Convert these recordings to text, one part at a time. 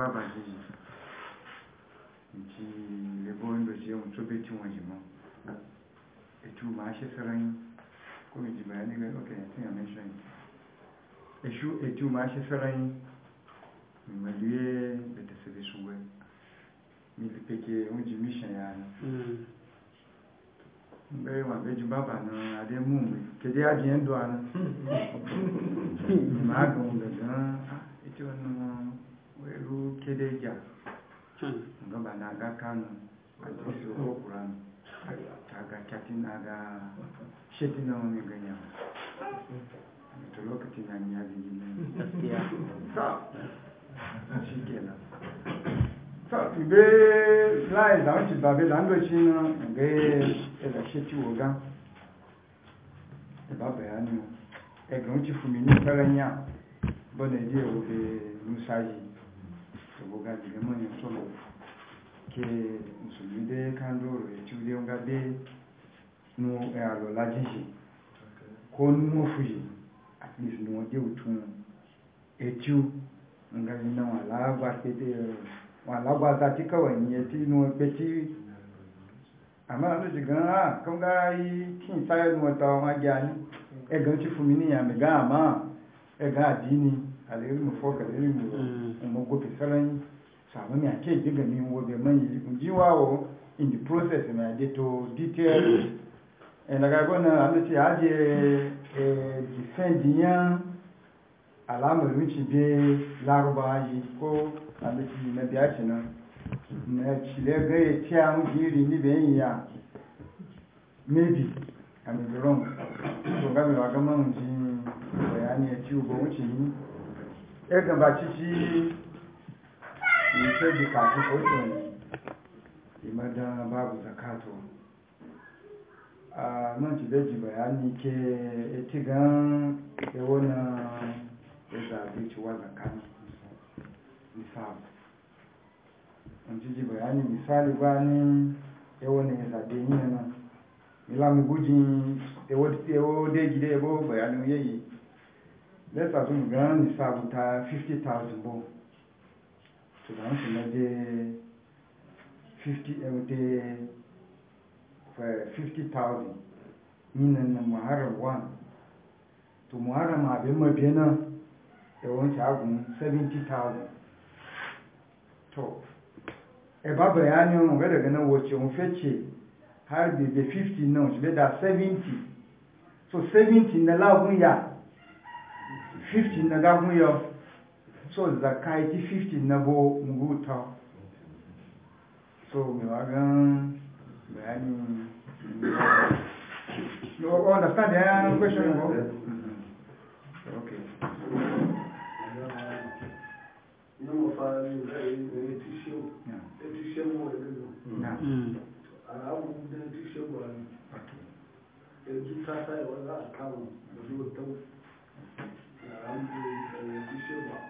babaji nti lebondo je on sobe ti won jimo etu ma she saran ko mi di bayani ga okay i think i mentioned eshu etu ma she saran mi malue bete se de shungwe mi le peke on di mission ya mm mbe wa beju baba na ade mu mi kede ajien do ana ma gun da Sedekia hmm. gaba na Kano a wasu okura ta ga na na wani ganyan ta lokacin na ya zigi ne shi kenan sa ibe lai da wanci babe da ando na ga ila eh, sheti woga ba eh, ya ẹgbẹ̀rún ti fún mi ní pẹ́rẹ́ ní à bọ́nà ilé ìwòfẹ́ yi. soboga jigama ya solo ke musulmi dai kan doro ya ci dai nga dai no ya la jiji ko no fuji at least no je utun etiu nga ni na wala ba pe de wala gba ta ti kawai ni eti no pe ti ama lo ji gan ha kan ga yi kin sai no ta ma ja ni e gan ti fun mi ni ya me ga ma e addini adini alilmu foka ilmu umogope saranyi sabu mi ake giga mi wobe manyi njiwa o in the process mi ade to detail e daga gona ando ti aje e defend yan alamar wuce be laruba yi ko ando na biya na na chile ga e an giri ni be ya maybe i'm wrong so ga mi bayani ya ci ubo wuce yi ya gabaci shi yake bukatu kotun imada babu zakato a nan ci daji bayani ke etigan ya wani ya zaɓi ciwa zakani misali an ci ji bayani misali bayanin ya wani ya zaɓe yi nan ilamu gujin ewo degide ebo bayanin yayi lẹ́tà tó gbọ́n ní sáàbùta 50,000 bó ṣùgbọ́n sì mọ́ dé 50,000 nínú na muharram 1 to muharram abin mabiya nan yawon shagun 70,000 to ẹ bá bayanin wọn gada ganin wace wọn fece har bebe 50 nan ṣe da 70 so 70 na lagun 50 na gamuyo so zaka ki 50 na bo nguta so mi wagan bayani you understand the question no? okay там э, еще два.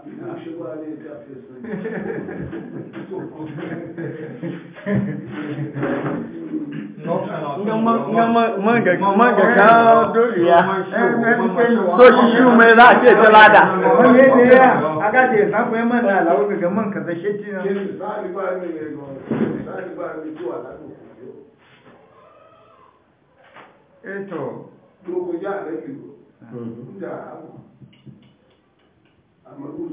na shigo aleta pesa manga ka dori ya so shi shi mai za a ce ta lada wani ne ya a gaji ya samu ya mana lawo daga man ka zashe ci na eto to ko ja da ki ko da abu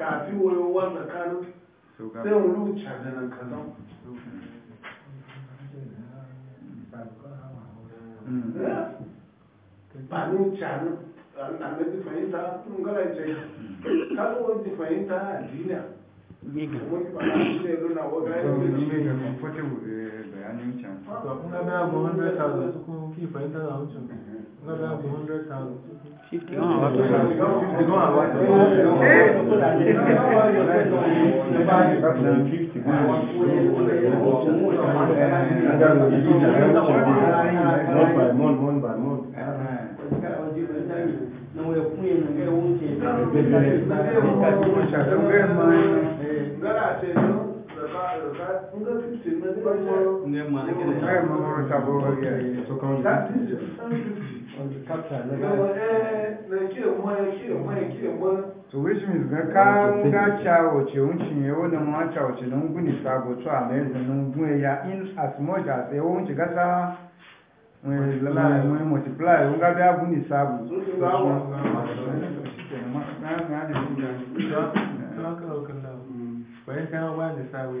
kafi wayo wannan kanu sai da nan kaza ba ni canu fahimta gara ce wani fahimta a duniya wani ne wani ne ga eh, fahimta Grazie. So which means ga ka ga chawo che unchi ye na ma chawo che non guni sa go cha ne non guni ya in as much as e unchi ga sa we la we multiply unga ga guni sa go so ga wa na na di ga ka ka ka na fa ka wa ni sa we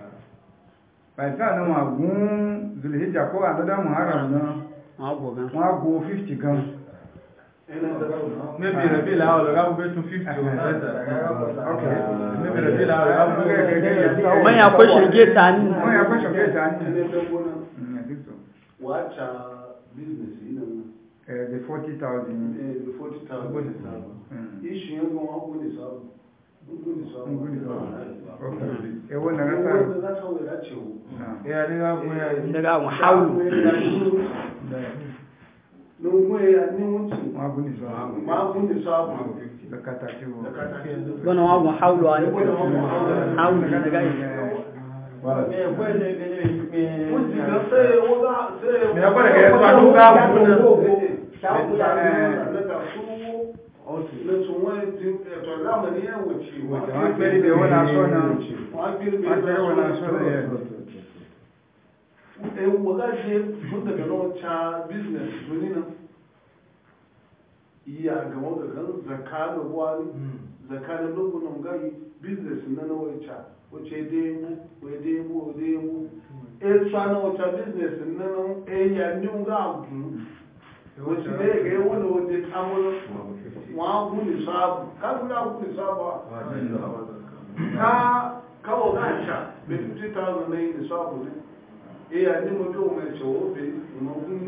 by the time wọn àgún zulhijja kó àdọ́dá muharram náà wọn àgó fifty gan. maybe rabi la ọ̀rọ̀ ká gbé tún fifty o. okay maybe rabi la ọ̀rọ̀ ká gbé tún fifty o. wọ́n yà kó ṣègé ta ni. wọ́n yà kó ṣègé ta ni. Mm, wàá ca business yìí nà. the forty thousand. Eh, the ìṣù yẹn kò wọ́n kó ní sábà. daga awon haulu gbọ́nà wọn wọ̀n haulu a ní haulu daga ìgbẹ̀rẹ̀ zamani ya wuce wọ́n fi rí wọ́n aṣọ náà wọ́n fi rí wọ́n aṣọ náà ewu wọ́gá ṣe fún ca business wani nan iya zaka da wani zaka da lokunan gari business na na wani ca wace demu wai demu wai demu na nan eya ga wọ́n kú ní sáàbù káàkiri àkú ní sáàbù ká káwọ̀ káàṣà bí 2000 ní ní sáàbù ní èyà ní mo tó mẹ́ ṣòwò pé ìmọ̀kún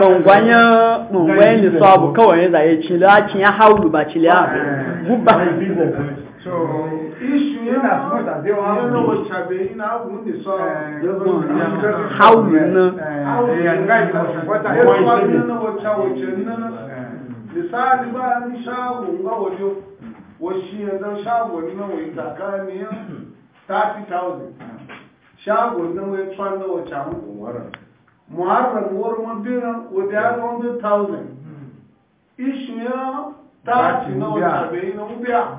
Ɗungwanya ɗungwayen da sabu kawai ya zaye cile, akin ya haulu ba cile ya gubba. So issue in as much as they want. I know what Chabe in how would they how you know how you know what I want to know what Chabe the side ba ni shago ba wajo washi yanzu shago na wai tsakani 30000 shago na wai tsanna wa chamu muharram muharram war mabira wa da 100000 issue ya 30 na wa chabe na ubiya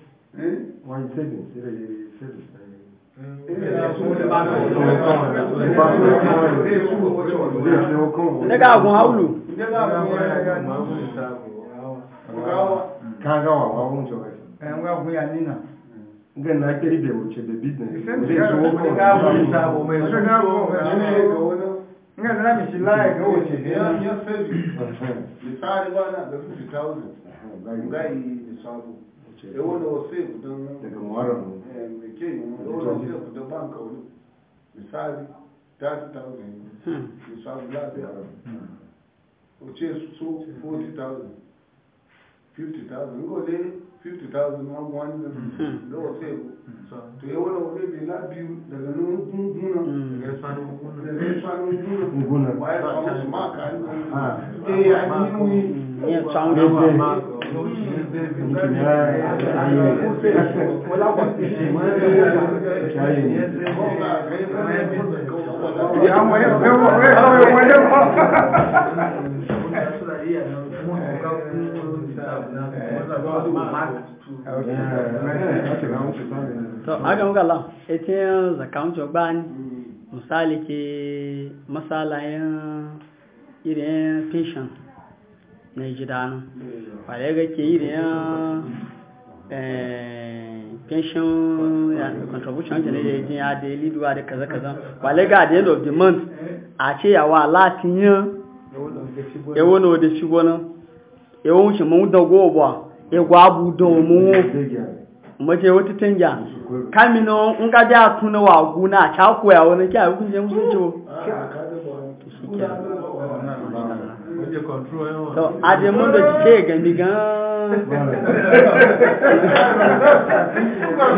Moi, c'est ne ka ga wa eh, na kiri be business nga da mi shilaya ga wuce ne ya na e wani wasu don daga muharram mai ke yi wani wasu don ban kauli misali ta ta ta zai misali lafiya o ce su 40,000 50,000 gole 50,000 ma gwani da wasu yau to yi wani wani bai labiyu daga nan gunguna daga sanin gunguna ba ya samu su maka ne ya yi niwi ya samu da ma to agan gala ita zakawun jogban misali ke masalayen irin pension na jidanu kwale ga ke yi da yan eh, pension and contribution da ne yajin ya da liduwa da kwale kaza wale ga the end of the month a ce yawa latin yan ewo na ode shi gwanin ewo wuce mun dago ba egwa abu don mu mace wata tanja kamino na ka biya tuna wa guna a cakuwa wani kya hukunce musu ce Eh, to ademun da ke gani gan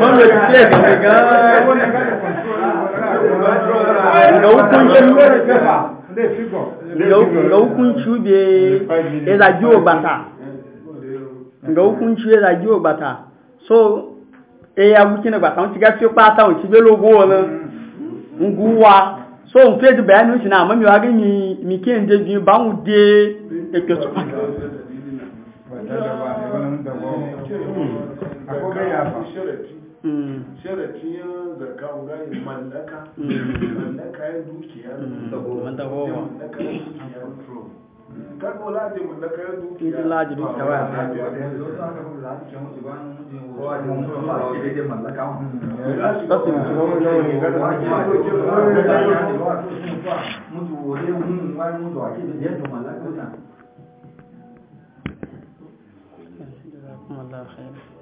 mun da ke gani gan da hukuncin da hukuncin da ya zaji uh, obata da hukuncin ya zaji obata uh, so eya wikina gbata wọn ti gafi pata wọn ti gbé lógún wọn ngúwa so n fẹ́ ti bẹ̀yà ní oṣù náà mọ́mí wá rí mi kí n jẹ́ ju báwọn dé ẹ̀kẹ́ tó pàtàkì sharatin yin zarka wurare mallaka kaga wala je mun da ya